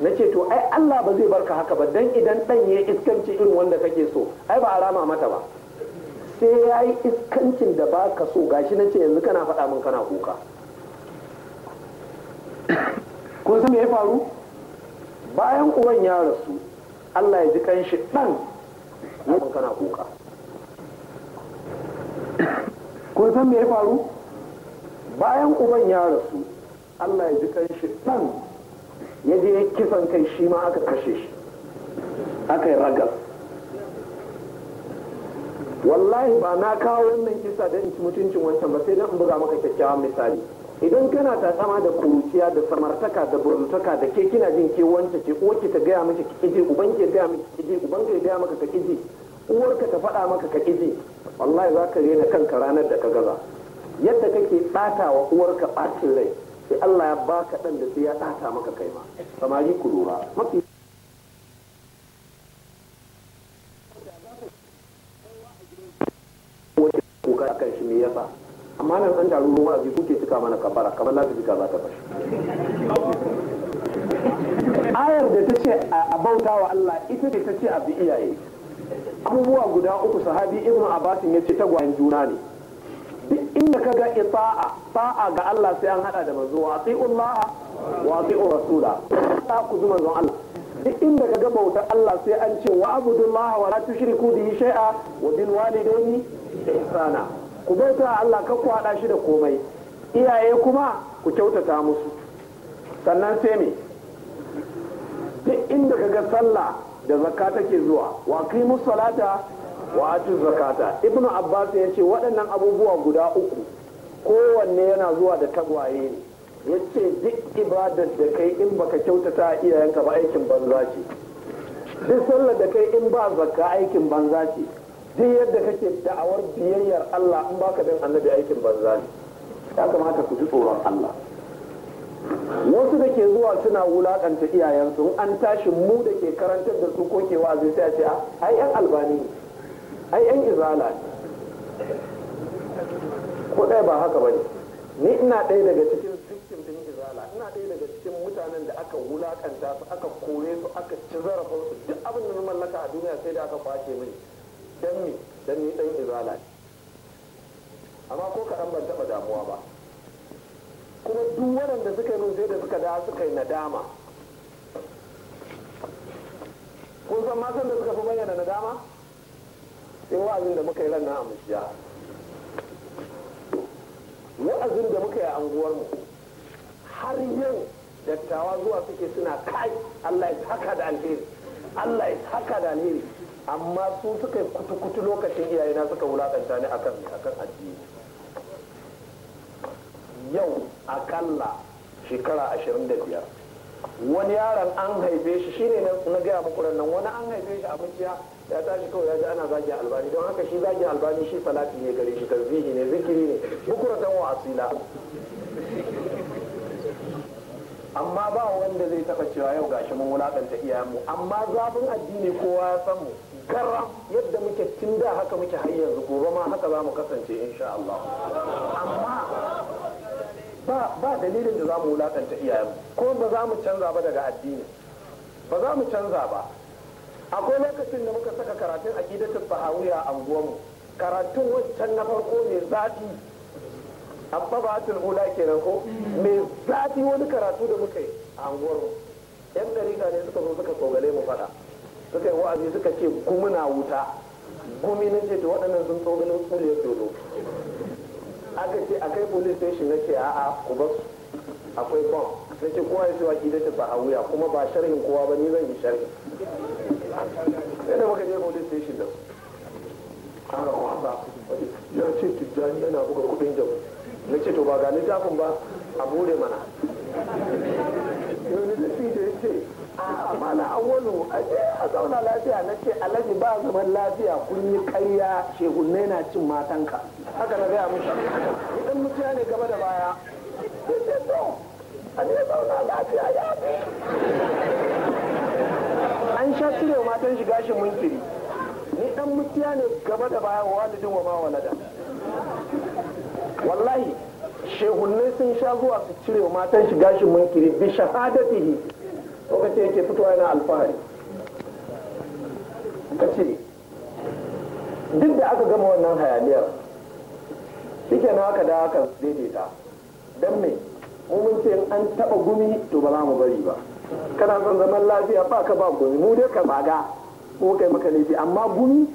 na ce to ai Allah ba zai barka haka ba dan idan dan ya iskanci irin wanda kake so ai ba a rama mata ba sai ya yi iskancin da ba ka so gashi na ce yanzu kana faɗa min kana kuka kun san me ya faru bayan uwan ya rasu Allah ya ji kanshi dan ya kana kuka kun san me ya faru bayan uban ya rasu Allah ya ji kanshi dan ya je ya kisan kai shi ma aka kashe shi aka yi ragar wallahi ba na kawo wannan kisa don mutuncin wancan ba sai don buga maka kyakkyawan misali idan kana takama da kuruciya da samartaka da burutaka da ke kina jin ke wanta ce uwarki ta gaya miki ki kije uban gaya miki ki uban gaya maka ka uwar uwarka ta faɗa maka ka kije wallahi za ka rena kanka ranar da ka gaza yadda kake ɓata wa uwarka ɓacin rai sai Allah ya baka ɗan da sai ya ɗata maka kai ma samari ku lura mafi kuka kan shi me yasa amma nan an taru ruwa zai kuke cika mana kabara kamar na jika za ta fashi ayar da ta ce a bauta wa Allah ita ce ta ce a bi iyaye abubuwa guda uku sahabi ibnu abbasin ya ce ta tagwayen juna ne duk inda ka ga ita'a ta'a ga Allah sai an hada da manzo wa Allah wa ati'u rasula ta ku zuma zuwa Allah duk inda ka ga bautar Allah sai an ce wa abudullah wa la tushriku bihi shay'a wa bil walidayni ihsana ku bauta Allah ka ku haɗa shi da komai iyaye kuma ku kyautata musu sannan sai me duk inda ka ga sallah da zakka take zuwa wa qimus salata wa zakata ibnu abbas ya ce waɗannan abubuwa guda uku kowanne yana zuwa da tagwaye ne ya ce duk ibadar da kai in baka kyautata iyayenka ba aikin banza ce duk sallar da kai in ba zakka aikin banza ce duk yadda kake da'awar biyayyar Allah in baka dan annabi aikin banza ne ya kamata ku ji tsoron Allah wasu da ke zuwa suna wulakanta iyayensu an tashi mu da ke karantar da su ko ke wa'azi sai a ce ah, ai yan albani ne ai yan izala ko ɗaya ba haka bane ni ina ɗaya daga cikin victim din izala ina ɗaya daga cikin mutanen da aka wulakanta su aka kore su aka ci zarafin su duk abin da na mallaka a duniya sai da aka kwace mini dan me dan ni dan izala ne amma ko kaɗan ban taɓa damuwa ba kuma duk waɗanda suka yi min sai da suka da suka yi nadama kun san matan da suka fi bayyana nadama sai wa'azin da muka yi ran amushiya wa'azin da muka yi a anguwarmu har yau dattawa zuwa suke suna kai Allah ya haka da alheri Allah ya haka da alheri amma su suka kutu-kutu lokacin iyayena suka wulakanta ni akan akan addini yau akalla shekara ashirin da biyar wani yaron an haife shi shine na gaya muku nan wani an haife shi a ya tashi kawai ya ji ana zagin albani don haka shi zagin albani shi salati ne gare shi tarzihi ne zikiri ne bukuratan wa asila amma ba wanda zai taba cewa yau gashi mun wulakanta mu amma zafin addini kowa ya san mu garam yadda muke tun da haka muke har yanzu gobe ma haka za mu kasance insha Allah amma ba dalilin da za mu wulakanta iyayenmu ko ba za mu canza ba daga addini ba za mu canza ba akwai lokacin da muka saka karatun a gidatun bahawiya a mu karatun wancan na farko mai zafi amma ba atul hula kenan ko mai zafi wani karatu da muka yi a unguwarmu yan dariƙa ne suka zo suka tsogale mu fada suka yi wa'azi suka ce gumuna wuta gumi na ce to waɗannan sun tsogale tsule tsoro aka ce a kai police station na ce a'a ku basu akwai bom na ce kowa ya ce wa gidatun bahawiya kuma ba sharhin kowa ba ni zan yi sharhi yana da muka je police station da haka wasa ya ce tijjani yana buga kudin jabu na ce to ba ga littafin ba a bude mana yau littafi da ya ce a mana awolu a je a zauna lafiya na ce alhaji ba zaman lafiya kun yi karya shehunne na cin matanka haka na gaya mushi idan mutiya ne gaba da baya sai a je zauna lafiya ya fi sha cire wa matan shi gashin munkiri ni dan mutiya ne gaba da baya wa walidin wa ma walada wallahi shehunnai sun sha zuwa su cire wa matan shi gashin munkiri bi shahadatihi lokacin yake fitowa yana alfahari ka ce duk da aka gama wannan hayaniyar shike na haka da haka daidaita don me mun ce an taba gumi to ba za mu bari ba kana son zaman lafiya ba ka ba gumi mu dai ka baga ko kai maka laifi amma gumi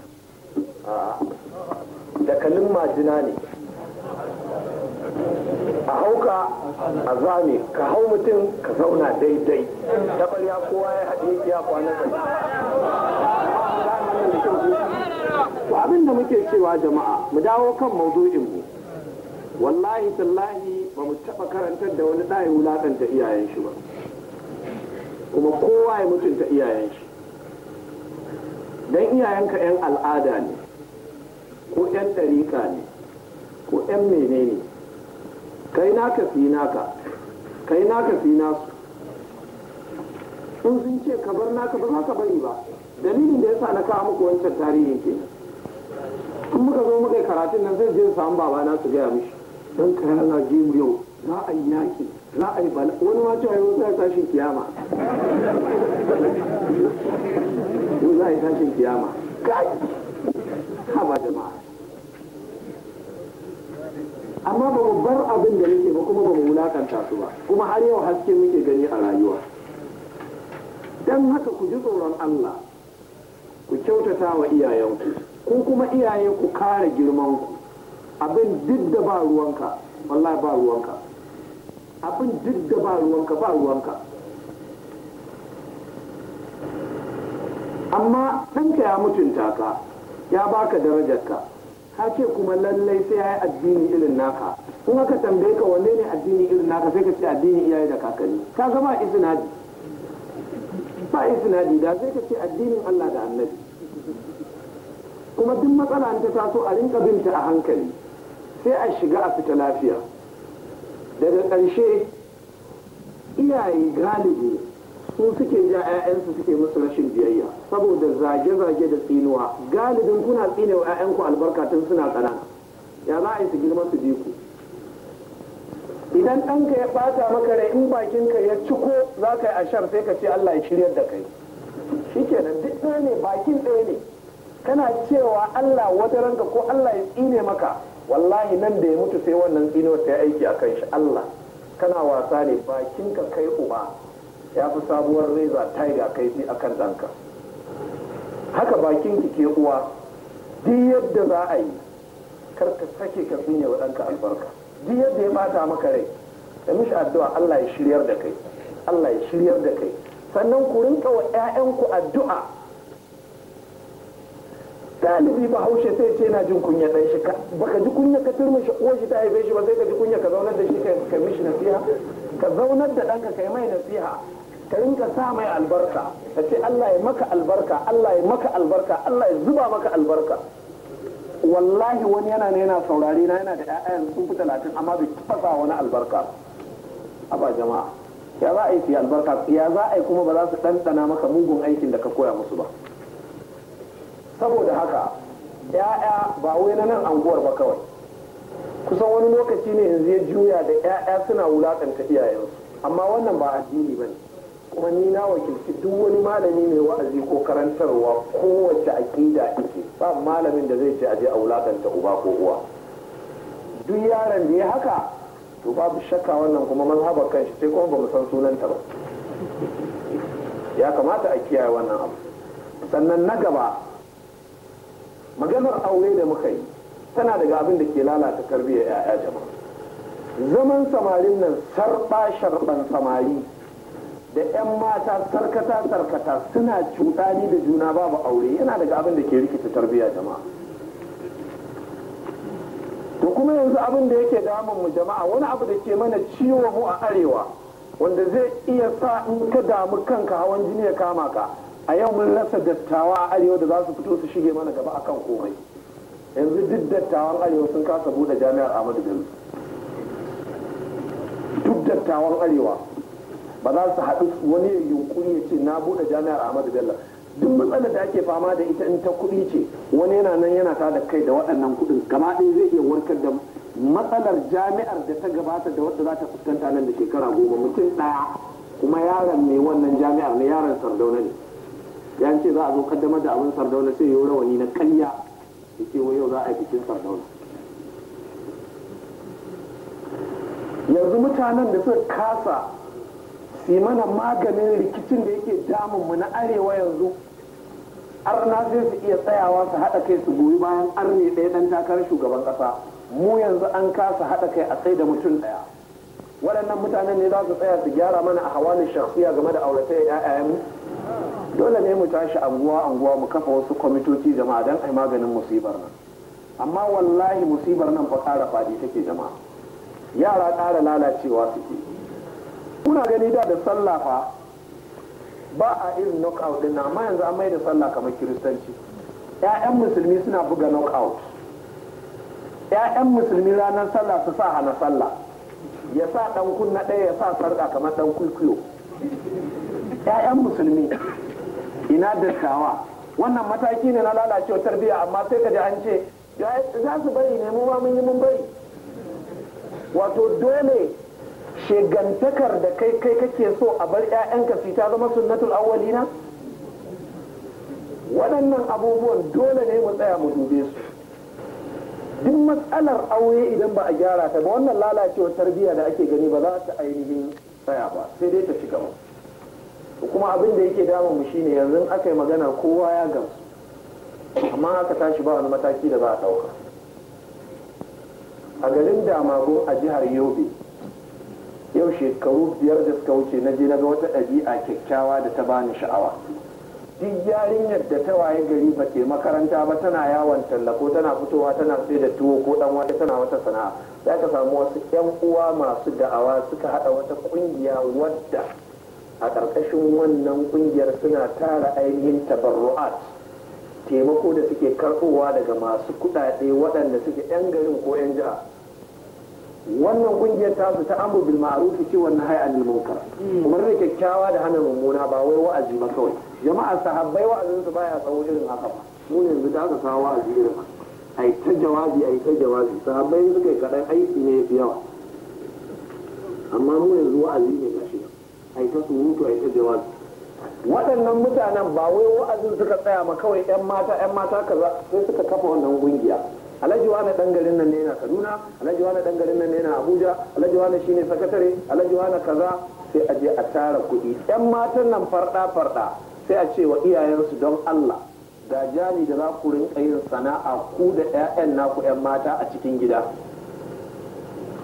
da kalin majina ne a hauka a zame ka hau mutum ka zauna daidai ya kowa ya haɗe ya kwana to abin da muke cewa jama'a mu dawo kan mu wallahi tallahi ba mu taɓa karantar da wani ɗaya wulaƙanta iyayen shi ba kuma kowa ya mutunta iyayen shi don iyayenka 'yan al'ada ne ko 'yan ɗariƙa ne ko 'yan menene kai naka fi naka kai naka fi nasu in sun ce ka bar naka ba za ka bari ba dalilin da ya sa na kawo muku wancan tarihin ke in muka zo muka yi karatun nan zai je samu babana su gaya mishi don kayan lajiyar yau za a yi yaƙi. za a yi bala wani wata yi wata za kiyama ko za a yi tashi kiyama kai jama'a amma ba bar abin da muke ba kuma ba mu wulakanta su ba kuma har yau haske muke gani a rayuwa dan haka ku ji tsoron Allah ku kyautata wa iyayenku ko kuma iyaye ku kare girmanku abin duk da ba ruwanka wallahi ba ruwanka abin duk da ba ruwanka ba ruwanka amma ɗanka ya mutunta ka ya baka darajarka ka ce kuma lallai sai ya yi addini irin naka in aka tambaye ka wanne ne addini irin naka sai ka ce addini iyaye da kakanni ka ga ba isnadi ba isnadi da sai ka ce addinin Allah da annabi kuma duk matsala ta taso a rinka binta a hankali sai a shiga a fita lafiya daga ƙarshe iyaye galibi su suke ja 'ya'yansu suke musu rashin biyayya saboda zage-zage da tsinuwa galibin kuna tsinewa 'ya'yanku albarka tun suna tsana ya za a yi su girma su bi ku idan ɗanka ya ɓata maka rai in bakinka ya ciko za ka yi ashar sai ka ce Allah ya shiryar da kai shi kenan duk ɗaya ne bakin ɗaya ne kana cewa Allah wata ranka ko Allah ya tsine maka wallahi nan da ya mutu sai wannan tsinuwar ta aiki a kan shi Allah kana wasa ne bakin ka kai uba ya fi sabuwar reza taiga kaifi a kan ɗanka haka bakin ki ke uwa duk yadda za a yi kar ka sake ka tsine wa ɗanka albarka duk yadda ya bata maka rai da mishi addu'a Allah ya shiryar da kai Allah ya shiryar da kai sannan ku rinka wa 'ya'yanku addu'a galibi ba haushe sai ce na jin kunya dan shi baka ji kunya ka turmi shi ko shi ta haife shi ba sai ka ji kunya ka zaunar da shi ka mishi nasiha ka zaunar da ɗanka kai mai nasiha ka rinka sa mai albarka ka ce Allah ya maka albarka Allah ya maka albarka Allah ya zuba maka albarka wallahi wani yana ne yana saurari na yana da ƴaƴan sun fi talatin amma bai taɓa wani albarka a ba jama'a ya za a yi albarka ya za a yi kuma ba za su ɗanɗana maka mugun aikin da ka koya musu ba saboda haka ya'ya ba wai na nan anguwar ba kawai kusan wani lokaci ne yanzu ya juya da ya'ya suna wulaƙanta iyayensu amma wannan ba addini ba ne kuma ni na wakilci duk wani malami mai wa'azi ko karantarwa kowace aƙida ake ba malamin da zai ce aje a wulaƙanta uba ko uwa duk yaron da ya haka to babu shakka wannan kuma mazhabar shi sai kuma ba mu san sunanta ba ya kamata a kiyaye wannan abu sannan na gaba maganar aure da muka yi tana daga abin da ke lalata karbiya ya'ya jama'a zaman samarin nan sarɓa sharɓan samari da 'yan mata sarkata sarkata suna cuɗani da juna babu aure yana daga abin da ke rikita tarbiyya jama'a to kuma yanzu abin da yake damun mu jama'a wani abu da ke mana ciwo mu a arewa wanda zai iya sa in ka damu kanka hawan jini ya kama ka a yau mun rasa dattawa a arewa da za su fito su shige mana gaba a kan komai yanzu duk dattawan arewa sun kasa bude jami'ar ahmadu bello duk dattawan arewa ba za su haɗu wani yunkuri ya ce na bude jami'ar ahmadu bello duk matsalar da ake fama da ita in ta kuɗi ce wani yana nan yana ta da kai da waɗannan kuɗin gaba ɗaya zai iya warkar da matsalar jami'ar da ta gabata da wadda za ta fuskanta nan da shekara goma mutum ɗaya kuma yaron mai wannan jami'ar ne yaron sardauna ne ya ce za a zo kaddamar da abin sardauna sai yi rawani na kanya da ke yau za a yi bikin sardauna yanzu mutanen da suka kasa su mana maganin rikicin da yake damun mu na arewa yanzu na sai su iya tsayawa su haɗa kai su goyi bayan arne ɗaya ɗan takarar shugaban ƙasa mu yanzu an kasa haɗa kai a tsaye da mutum ɗaya waɗannan mutanen ne za su tsaya su gyara mana a hawa shafiya game da auratayya mu. dole ne mu tashi anguwa anguwa mu kafa wasu kwamitoci jama'a don ai maganin musibar nan amma wallahi musibar nan fa ƙara faɗi take jama'a yara kara lalacewa suke kuna gani da da sallah fa ba a irin knockout din amma yanzu an mai da sallah kamar kiristanci ƴaƴan musulmi suna buga knockout ƴaƴan musulmi ranar sallah su sa hana sallah ya sa ɗan kunna ɗaya ya sa sarƙa kamar ɗan kwikwiyo ƴaƴan musulmi ina dattawa wannan mataki ne na lalacewa tarbiyya amma sai ka ji an ce za su bari ne mu ba mun yi mun bari wato dole shegantakar da kai kai kake so a bar 'ya'yanka su ta zama sunnatul awwalina waɗannan abubuwan dole ne mu tsaya mu dube su duk matsalar aure idan ba a gyara ta ba wannan lalacewar tarbiyya da ake gani ba za ta ainihin tsaya ba sai dai ta ci gaba to kuma abin da yake damun mu shine yanzu aka yi magana kowa ya gamsu amma aka tashi ba wani mataki da za a ɗauka a garin damago a jihar yobe yau shekaru biyar da suka wuce na je na wata ɗabi'a kyakkyawa da ta bani sha'awa duk yarinyar da ta waye gari ba ke makaranta ba tana yawon tallako tana fitowa tana sai da tuwo ko dan wata tana wata sana'a za ka samu wasu 'yan uwa masu da'awa suka haɗa wata ƙungiya wadda a ƙarƙashin wannan ƙungiyar suna tara ainihin tabarru'at taimako da suke karɓowa daga masu kuɗaɗe waɗanda suke 'yan garin ko 'yan jiha wannan ƙungiyar tasu ta amur bil ma'ruf ce wannan hay'a lil munkar Kuma da kyakkyawa da hana mummuna ba wai wa'azi ba kawai jama'a sahabbai wa'azin su baya tsawo irin haka ba mu yanzu da aka kawo wa'azi irin A yi ta jawabi a yi ta jawabi sahabbai suka yi kaɗan aiki ne ya fi yawa amma mu yanzu wa'azi ne a yi a yi ta waɗannan mutanen ba wai wa'azin suka tsaya ma kawai 'yan mata 'yan mata kaza sai suka kafa wannan kungiya alhaji wani dan nan ne yana kaduna alhaji wani dan nan ne yana abuja alhaji wani shine sakatare alhaji wani kaza sai a je a tara kuɗi yan matan nan farɗa farɗa sai a ce wa iyayensu don allah ga jani da za ku rinka yin sana'a ku da 'ya'yan naku 'yan mata a cikin gida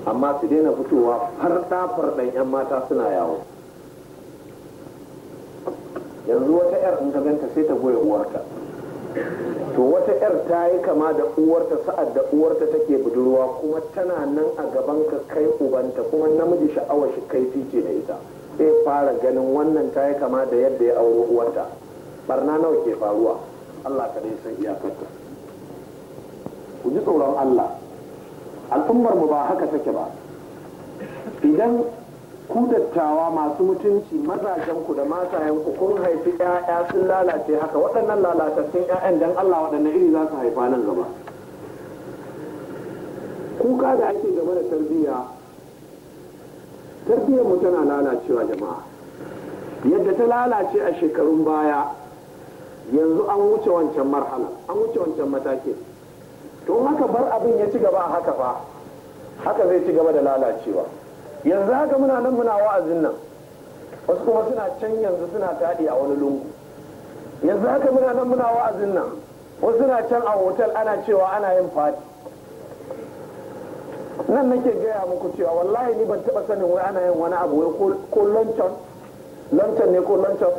amma su daina fitowa farɗa farɗan 'yan mata suna yawo yanzu wata yar in ka ganta sai ta goya uwarta to wata yar ta yi kama da uwarta sa'ad da uwarta take budurwa kuma tana nan a gaban ka kai ubanta kuma namiji sha'awar shi kai fice da ita sai fara ganin wannan ta yi kama da yadda ya auro uwarta barna nawa ke faruwa Allah ka dai san iyakarta ku ji tsoron Allah al'ummar mu ba haka take ba idan ku dattawa masu mutunci mazajen da matayen kun haifi 'ya'ya sun lalace haka waɗannan lalatattun 'ya'yan dan Allah waɗanne iri za su haifa nan gaba kuka da ake game da tarbiyya tarbiyyar mu tana lalacewa jama'a yadda ta lalace a shekarun baya yanzu an wuce wancan marhala an wuce wancan matakin to haka bar abin ya ci gaba haka ba, haka zai ci gaba da lalacewa yanzu haka muna nan muna wa'azin nan wasu kuma suna can yanzu suna taɗi a wani lungu yanzu haka muna nan muna wa'azin nan wasu suna can a hotel ana cewa ana yin fati nan nake gaya muku cewa wallahi ni ban taɓa sanin wai ana yin wani abu wai ko lancan lancan ne ko lancan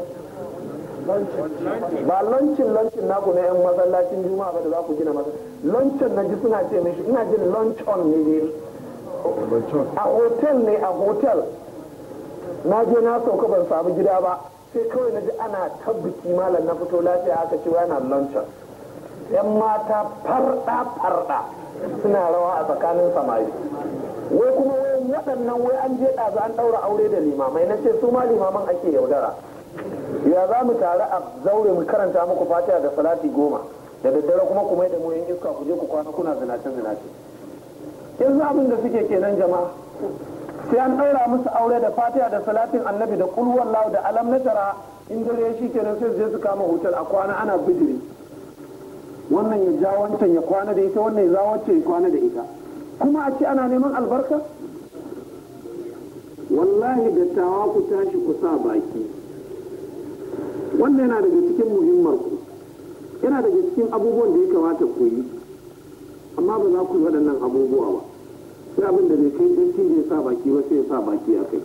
ba lancin lancin naku na yan masallacin juma'a ba da za ku gina masa lancin na ji suna ce mishi ina jin lancan ne a hotel ne a hotel na je na sauka ban samu gida ba sai kawai na ji ana tabbiki malam na fito lafiya aka ce yana luncheon yan mata farɗa-farɗa suna rawa a tsakanin samari wai kuma wai waɗannan wai an je ɗazu an ɗaura aure da limamai na ce su ma limaman ake yaudara ya za mu tare a zaure mu karanta muku fatiha da salati goma da daddare kuma ku mai da mu yin iska ku je ku kwana kuna zinace zinace yanzu abin da suke kenan jama'a sai an ɗaura musu aure da fatiha da salatin annabi da kulwar lau da alam na tara in dare shi kenan sai je su kama hotel a kwana ana bidiri wannan ya ja wancan ya kwana da ita wannan ya za wancan ya kwana da ita kuma a ce ana neman albarka wallahi da tawa ku tashi ku sa baki wannan yana daga cikin muhimmanku ku yana daga cikin abubuwan da ya kamata ku yi amma ba za ku yi waɗannan abubuwa ba sai abin da bai kai dattin ya sa baki ba sai ya sa baki a kai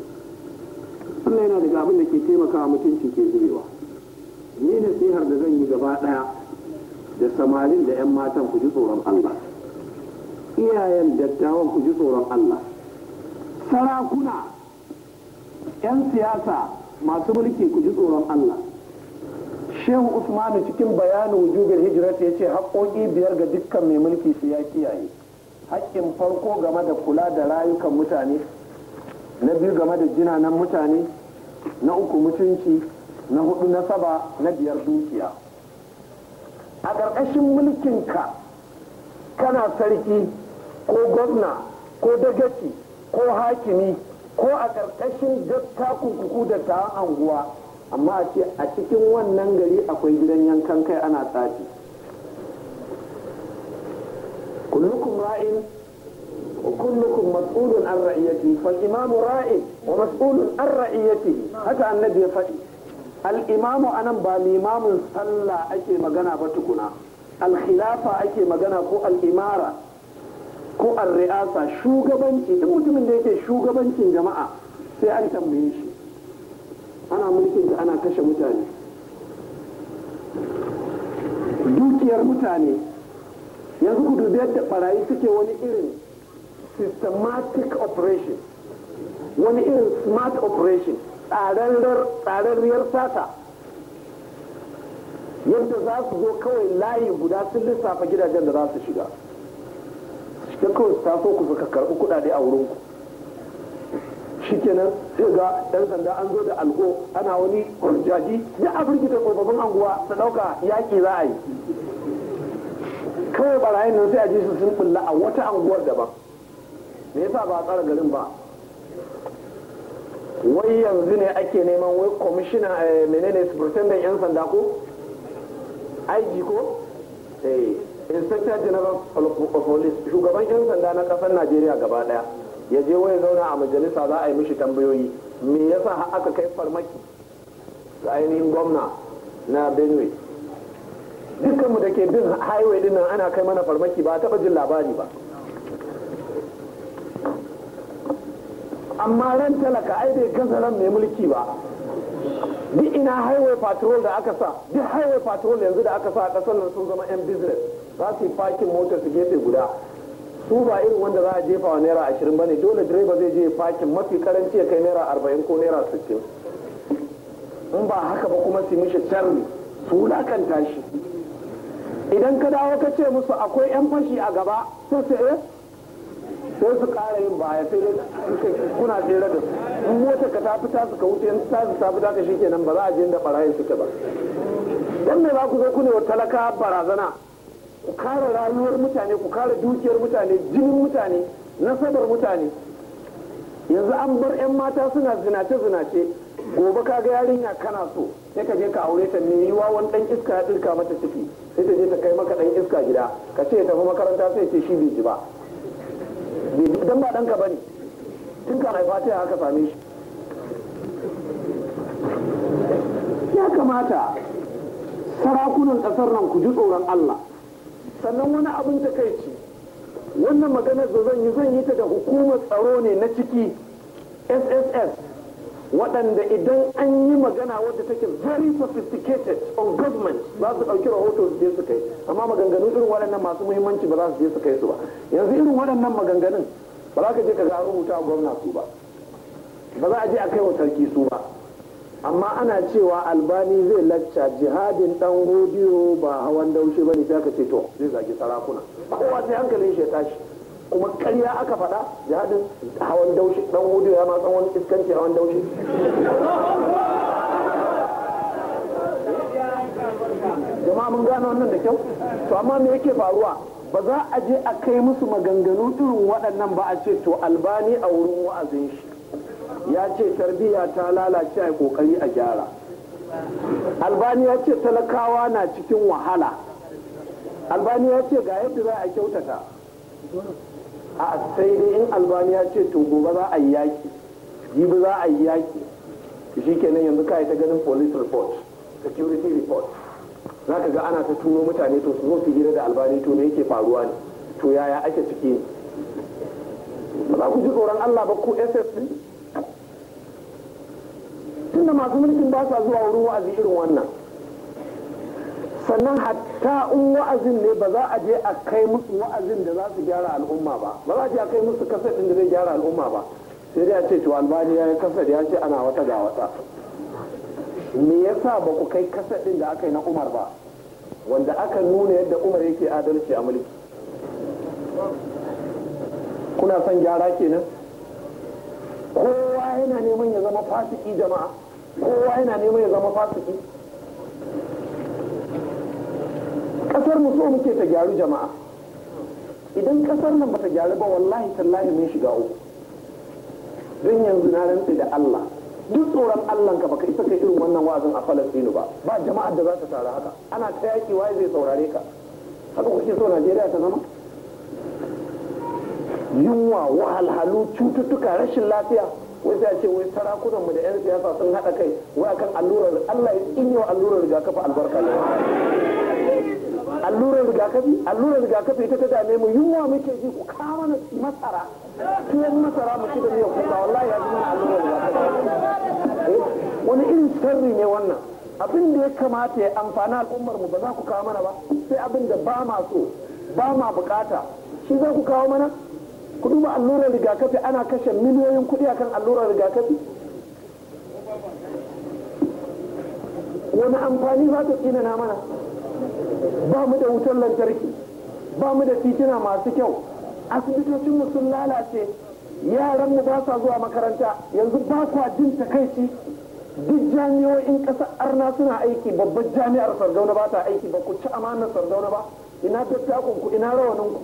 wannan yana daga abin da ke taimakawa mutunci ke zubewa ni da sihar da zan yi gaba ɗaya da samarin da 'yan matan ku ji tsoron allah iyayen dattawan ku ji tsoron allah sarakuna 'yan siyasa masu mulki ku ji tsoron allah shehu usmanu cikin bayanin wujubin hijira ya ce haƙoƙi biyar ga dukkan mai mulki su ya kiyaye haƙƙin farko game da kula da rayukan mutane na biyu game da jinanan mutane na uku mutunci na hudu na saba na biyar dukiya a ƙarƙashin mulkinka kana sarki ko gwamna ko dagaci ko hakimi ko a ƙarƙashin dattakun kuku da ta anguwa amma a cikin wannan gari akwai gidan yankan kai ana tsaki kullukum ra'in wa kullukum mas'ulun an ra'iyati fa ra'in wa mas'ulun an ra'iyati haka annabi ya faɗi al'imamu anan ba limamin sallah ake magana ba tukuna al'khilafa ake magana ko al ko al-ri'asa shugabanci duk mutumin da yake shugabancin jama'a sai an tambaye shi ana mulkin da ana kashe mutane dukiyar mutane yanzu ku dubi yadda barayi suke wani irin systematic operation wani irin smart operation tsararriyar sata yadda za su zo kawai layi guda sun lissafa gidajen da za su shiga cikin kawai su taso ku suka karɓi kudade a wurinku shikenan sai ga yan sanda an zo da alko, ana wani kurjaji ya a birgita tsofaffin anguwa su dauka yaki za a yi kawai barayin nan sai a ji su sun bulla a wata anguwar daban me yasa ba a tsara garin ba wai yanzu ne ake neman wai kwamishina eh, menene superintendent yan sanda ko aiki ko eh, inspector general of police shugaban yan sanda na kasar najeriya gaba daya ya je waya zauna a majalisa za a yi mishi tambayoyi me yasa aka kai farmaki ga ainihin gwamna na benue dukkanmu da ke bin highway din nan ana kai mana farmaki ba a taba jin labari ba amma ran talaka ai bai gaza ran mai mulki ba duk ina highway patrol da aka sa duk highway patrol yanzu da aka sa a ƙasar nan sun zama 'yan business za su yi fakin motar su gefe guda su ba irin wanda za a jefa wa naira ashirin ba ne dole direba zai je fakin mafi karanci ya kai naira arba'in ko naira sittin in ba haka ba kuma su mishi sharri su wulakanta shi idan ka dawo ka ce musu akwai yan fashi a gaba sai su eh sai su kara yin baya sai dai kuna tsere da su in motar ka ta fi tasu ka wuce in tasu ta fi shi kenan ba za a je inda barayin suke ba dan me za ku zo ku ne wa talaka barazana ku kare rayuwar mutane ku kare dukiyar mutane jinin mutane nasabar mutane yanzu an bar 'yan mata suna zinace-zinace gobe ka ga yarinya kana so sai ka je ka aure ta ne yiwa wani dan iska ya dirka mata ciki sai ta je ta kai maka dan iska gida ka ce tafi makaranta sai ce shi bai ji ba dan ba danka bane tun ka haifa ta haka same shi ya kamata sarakunan kasar nan ku ji tsoron Allah sannan wani abin ta kai ce wannan maganar da zan yi zan yi ta da hukumar tsaro ne na ciki sss waɗanda idan an yi magana wadda take very sophisticated on government za su ɗauki rahoto su je su kai amma maganganun irin waɗannan masu muhimmanci ba za su je su kai su ba yanzu irin waɗannan maganganun ba za ka je ka ga rubuta gwamna su ba ba za a je a kai wa sarki su ba amma ana cewa albani zai lacca jihadin dan godiyo ba hawan daushe bane sai aka ce to zai zagi sarakuna kowa sai hankalin shi ya tashi kuma karya aka faɗa jihadin hawan daushe dan godiyo ya ma san wani iskanci hawan daushe jama'a mun gane wannan da kyau to amma me yake faruwa ba za a je a kai musu maganganu irin waɗannan ba a ce to albani a wurin wa'azin shi ya ce tarbiyya ta lalace a kokari a gyara albani ya ce talakawa na cikin wahala albani ya ce ga yadda za a kyautata a sai dai in albani ya ce to gobe za a yi yaki jibi za a yi yaki shi kenan yanzu ka ta ganin police report security report za ka ga ana ta tuno mutane to su zo su gida da albani to ne yake faruwa ne to yaya ake ciki ne ba ku ji tsoron allah ba ku ss tunda masu mulkin ba sa zuwa wurin wa'azi irin wannan sannan hatta in wa'azin ne ba za a je a kai musu wa'azin da za su gyara al'umma ba ba za a je a kai musu kasar da zai gyara al'umma ba sai dai a ce to albani ya yi kasar ya ce ana wata ga wata me yasa ba ku kai kasar ɗin da aka yi na umar ba wanda aka nuna yadda umar yake adalci a mulki kuna son gyara kenan kowa yana neman ya zama fasiki jama'a kowa yana neman ya zama fasiki kasar mu so muke ta gyaru jama'a idan kasar nan bata gyaru ba wallahi tallahi mun shiga uku don yanzu na rantse da Allah duk tsoron Allah ka baka isa kai irin wannan wa'azin a Falastinu ba ba jama'ar da za ta tara haka ana ta yaki waye zai saurare ka haka kuke so Najeriya ta zama yunwa wahalhalu cututtuka rashin lafiya wai sai a ce wai sarakunan mu da yan siyasa sun haɗa kai wai akan allurar Allah ya tsinyo allurar rigakafi albarka ne allurar rigakafi allurar rigakafi ita ta dame mu yunwa muke ji ku kawo masara tuwon masara mu ci da miyan kuka wallahi ya ji mana allurar rigakafi eh, wani irin sharri ne wannan abin da ya kamata ya amfani al'ummar mu ba za ku kawo mana ba sai abin da ba ma so ba ma bukata shi za ku kawo mana ku duba allurar rigakafi ana kashe miliyoyin kuɗi akan allurar rigakafi wani amfani za ta na mana ba mu da wutar lantarki ba mu da titina masu kyau asibitocinmu sun lalace yaranmu ba sa zuwa makaranta yanzu ba kwa jin takaici duk jami'o'in ƙasar arna suna aiki babbar jami'ar sardauna ba ta aiki ba ku ci amanar sardauna ba ina dattakunku ina rawaninku.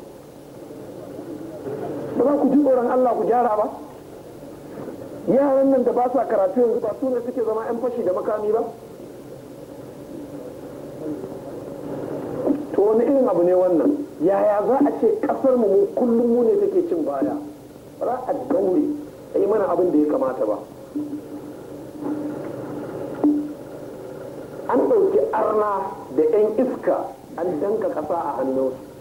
ba za ku ji tsoron Allah ku gyara ba yaran nan da ba sa karatu yanzu ba su ne suke zama 'yan fashi da makami ba to wani irin abu ne wannan yaya za a ce kasar mu kullum mu ne take cin baya ba a daure a yi mana abin da ya kamata ba an ɗauki arna da 'yan iska an danka ƙasa a hannunsu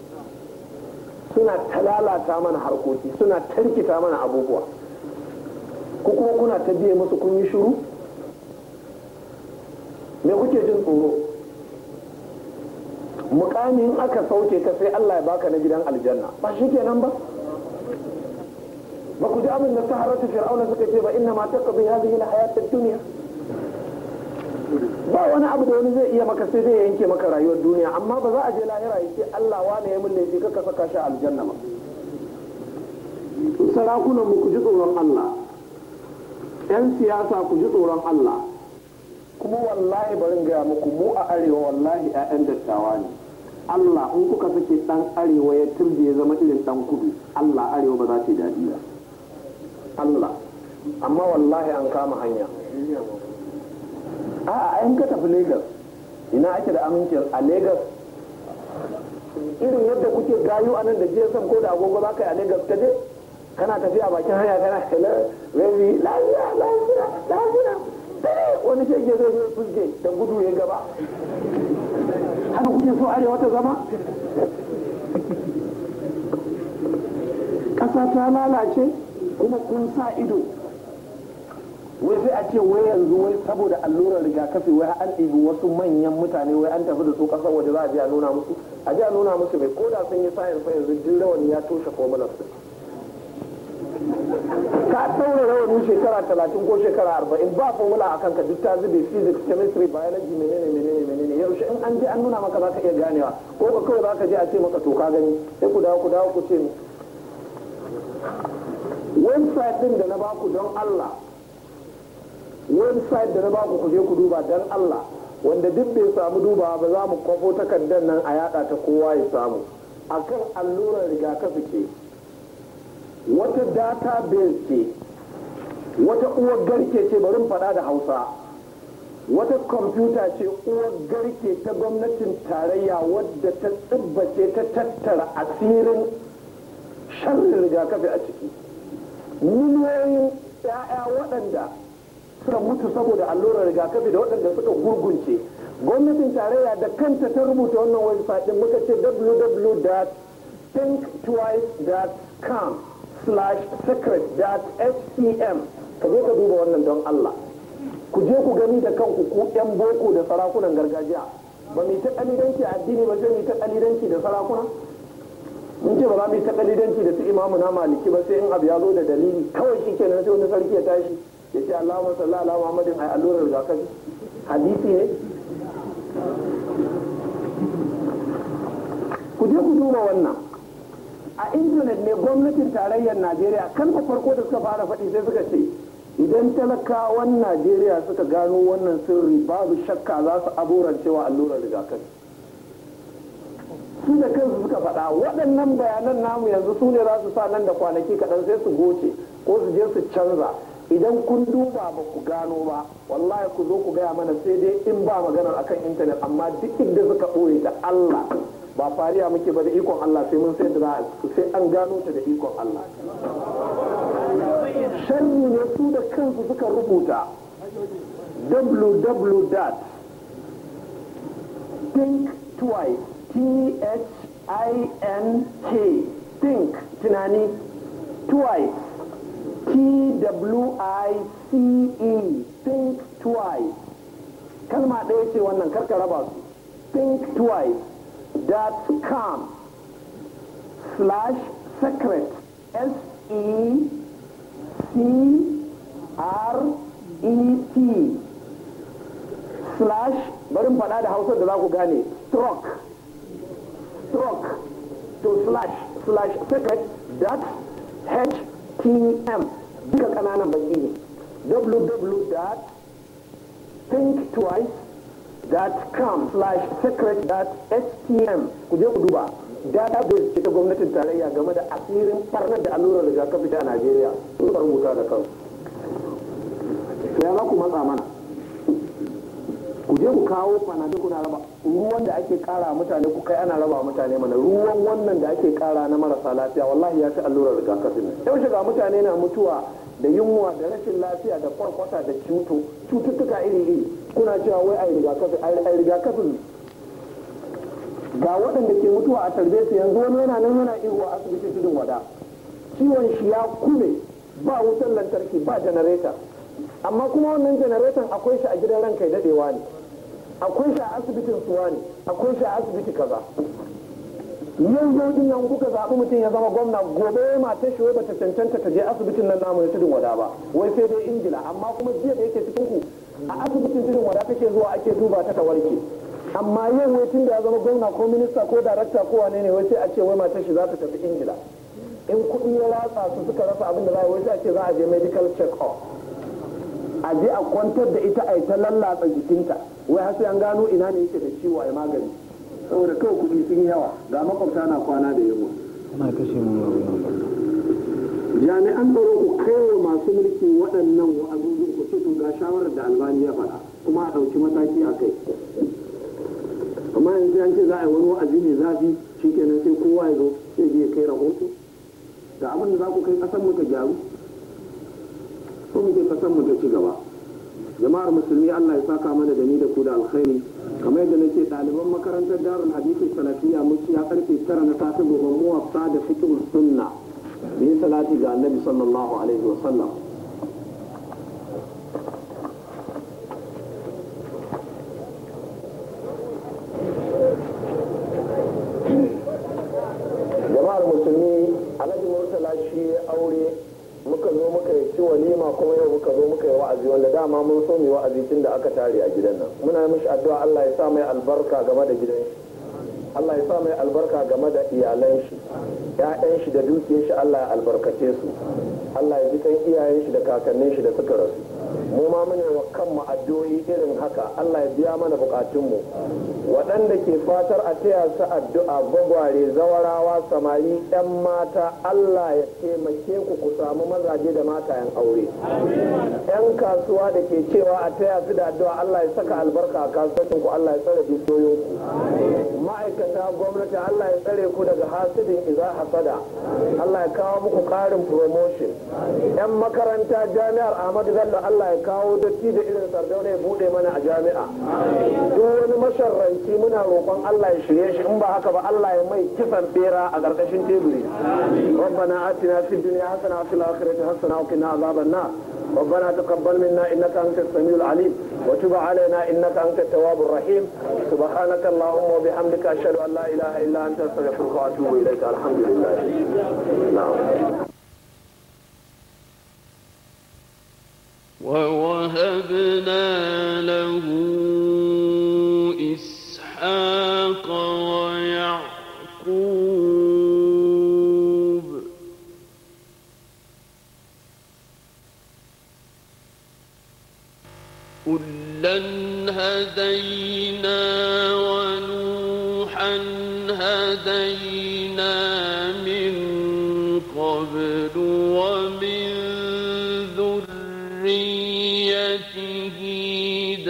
suna talalata mana harkoki suna tarkita mana abubuwa ko kuma kuna ta biye musu kun yi shuru me kuke jin tsoro mukamin aka sauke ka sai Allah ya baka na gidan aljanna ba shi kenan ba ba ku ji abin da saharatu fir'auna suka ce ba inna ma taqbi hadhihi al-hayat ad-dunya ba wani abu da wani zai iya maka sai zai yanke maka rayuwar duniya amma ba za a je lahira ya ce Allah wane ya mun laifi kaka saka shi aljanna ba sarakunan mu ku ji tsoron Allah yan siyasa ku ji tsoron Allah kuma wallahi barin gaya muku mu a arewa wallahi 'ya'yan dattawa ne Allah in kuka sake ɗan arewa ya turbe ya zama irin dan kudu Allah arewa ba za ta yi dadi ba Allah amma wallahi an kama hanya a a in ka tafi lagos ina ake da amincin a lagos irin yadda kuke gayu a nan da jiya ko da agogo ba ka yi a lagos ta je kana tafiya bakin hanya kana hello baby lafiya lafiya lafiya wani shege zai zai fuske da gudu ya gaba haka kuke so arewa ta zama ƙasa ta lalace kuma kun sa ido wai sai a ce wai yanzu wai saboda allurar rigakafi wai an ɗibi wasu manyan mutane wai an tafi da su ƙasar waje za a je a nuna musu a je a nuna musu mai ko da sun yi sayan sai yanzu jin rawani ya toshe formular ka tsaura rawani shekara talatin ko shekara arba'in ba formula a kanka duk ta zube physics chemistry biology menene menene menene yaushe in an je an nuna maka za ka iya ganewa ko ka kawai za ka je a ce maka to ka gani sai ku dawo ku dawo ku ce website ɗin da na baku don Allah wani website da na baku ku je ku duba dan Allah wanda duk bai samu duba ba za mu kwafo takardar nan a yada ta kowa ya samu akan allurar rigakafi ce wata database ce wata uwar garke ce bari faɗa da hausa wata kwamfuta ce uwar garke ta gwamnatin tarayya wadda ta tsibbace ta tattara asirin sharrin rigakafi a ciki miliyoyin 'ya'ya waɗanda suna mutu saboda allurar rigakafi da waɗanda suka gurgunce gwamnatin tarayya da kanta ta rubuta wannan wani fadin muka ce www.thinktwice.com slash secret.hcm ka zo ka duba wannan don Allah ku je ku gani da kanku ku yan boko da sarakunan gargajiya ba mu ta kalidanci addini ba sai mu ta kalidanci da sarakuna mun ce ba za mu yi ta kalidanci da su imamu na maliki ba sai in abu ya zo da dalili kawai shi kenan sai wani sarki ya tashi ya ce Allahumma salli ala Muhammadin ai allurar rigakafi hadisi ne ku je ku duba wannan a intanet ne gwamnatin tarayyar najeriya kan farko da suka fara faɗi sai suka ce idan talakawan najeriya suka gano wannan sirri babu shakka za su aboran cewa allurar rigakafi su da kansu suka faɗa waɗannan bayanan namu yanzu su ne za su sa nan da kwanaki kaɗan sai su goce ko su je su canza idan kun duba ba ku gano ba wallahi ku zo ku gaya mana sai dai in ba magana akan intanet amma duk inda suka ɓoye da Allah ba fariya muke ba da ikon Allah sai mun sai da sai an gano ta da ikon Allah sharri ne su da kansu suka rubuta www think t h tunani twice T-W-I-C-E think twice kalma ɗaya ce wannan karka raba su think twice dot com slash secret s e c r e t slash barin faɗa da hausar da za ku gane stroke stroke to slash slash secret dot h tm duka kananan banki ne www.thinktwice.com slash secret.stm ku je ku duba database ce ta gwamnatin tarayya game da asirin farnar da allurar rigakafi ta a najeriya sun rubuta da kansu ya ku matsa mana je ku kawo fanadin kuna raba ruwan da ake kara mutane ku kai ana raba mutane mana ruwan wannan da ake kara na marasa lafiya wallahi ya fi allurar ne. yau shiga mutane na mutuwa da yunwa da rashin lafiya da kwarkwata da cuto cututtuka iri iri kuna cewa wai ai rigakafi ai rigakafin ga waɗanda ke mutuwa a tarbe su yanzu wani yana nan yana ihu a asibiti tudun wada ciwon shi ya kume ba wutar lantarki ba janareta amma kuma wannan janaretan akwai shi a gidan ranka daɗewa ne akwai shi a asibitin suwa ne akwai shi a asibiti kaza yau din nan kuka zaɓi mutum ya zama gwamna gobe ta shi ba ta cancanta ta je asibitin nan namu na tudun wada ba wai sai dai ingila amma kuma jiya da yake cikin ku a asibitin tudun wada take zuwa ake duba ta ta warke amma yau wai tun da ya zama gwamna ko minista ko darakta ko wane ne wai sai a ce wai ta shi za ta tafi ingila in kuɗi ya ratsa su suka rasa abin da za a wai sai a ce za a je medical check up a je a kwantar da ita a yi ta lallatsa jikinta wai har sai an gano ina ne yake da ciwo a magani saboda kawai kuɗi sun yi yawa ga makwabta na kwana da yawa ana kashe mu jami'an tsaro ku kaiwa masu mulki waɗannan wa'azozin ku ce ga shawarar da albani ya faɗa kuma a ɗauki mataki a kai amma yanzu an ce za a yi wani wa'azi ne zafi shikenan sai kowa ya zo sai je kai rahoto da abin da za ku kai ƙasar mu ta gyaru ko mu ƙasar mu ta ci gaba jama'ar musulmi Allah ya saka mana da ni da ku da alkhairi kamar yadda nake ɗaliban makarantar darul hadisi salafiya ya karfe tara na safe gobe muwaffa da fiqh sunna ni salati ga annabi sallallahu alaihi wa sallam muka zo muka yi wa'azi wanda dama mun so mu wa'azi tun da aka tare a gidan nan muna mishi addu'a Allah ya sa mai albarka game da gidan shi Allah ya sa mai albarka game da iyalan shi ‘ya'yan shi da dukiyar shi Allah ya albarkace su Allah ya ji kan iyayen shi da kakannin shi da suka rasu mu ma mune wa kanmu addu'o'i irin haka Allah ya biya mana bukatunmu waɗanda ke fatar a taya su addu'a gwagware zawarawa samari 'yan mata Allah ya taimake ku ku samu mazaje da mata yan aure 'yan kasuwa da ke cewa a taya su da addu'a Allah ya saka albarka a kasuwancin ku Allah ya tsare dukiyoyin ku ma'aikata gwamnati Allah ya tsare ku daga hasidin iza hasada Allah ya kawo muku karin promotion yan makaranta jami'ar Ahmadu Bello Allah ya kawo datti da irin sardauna ya bude mana a jami'a duk wani masharranci muna roƙon Allah ya shirye shi in ba haka ba Allah ya mai kisan bera a ƙarƙashin teburi ربنا آتنا في الدنيا حسنة وفي الآخرة حسنة وقنا عذاب النار ربنا تقبل منا انك انت السميع العليم وتب علينا انك انت التواب الرحيم سبحانك اللهم وبحمدك بحمدك أشهد أن لا إله إلا أنت أستغفرك وأتوب إليك الحمد لله نعم ووهبنا ذريته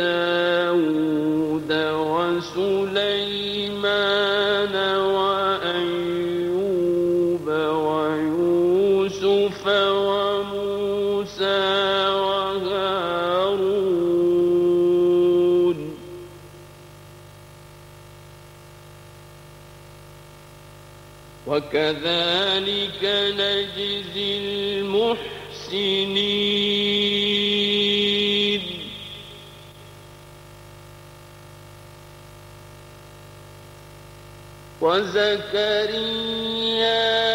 داود وسليمان وأيوب ويوسف وموسى وهارون وكذلك نجزي المحسنين وزكريا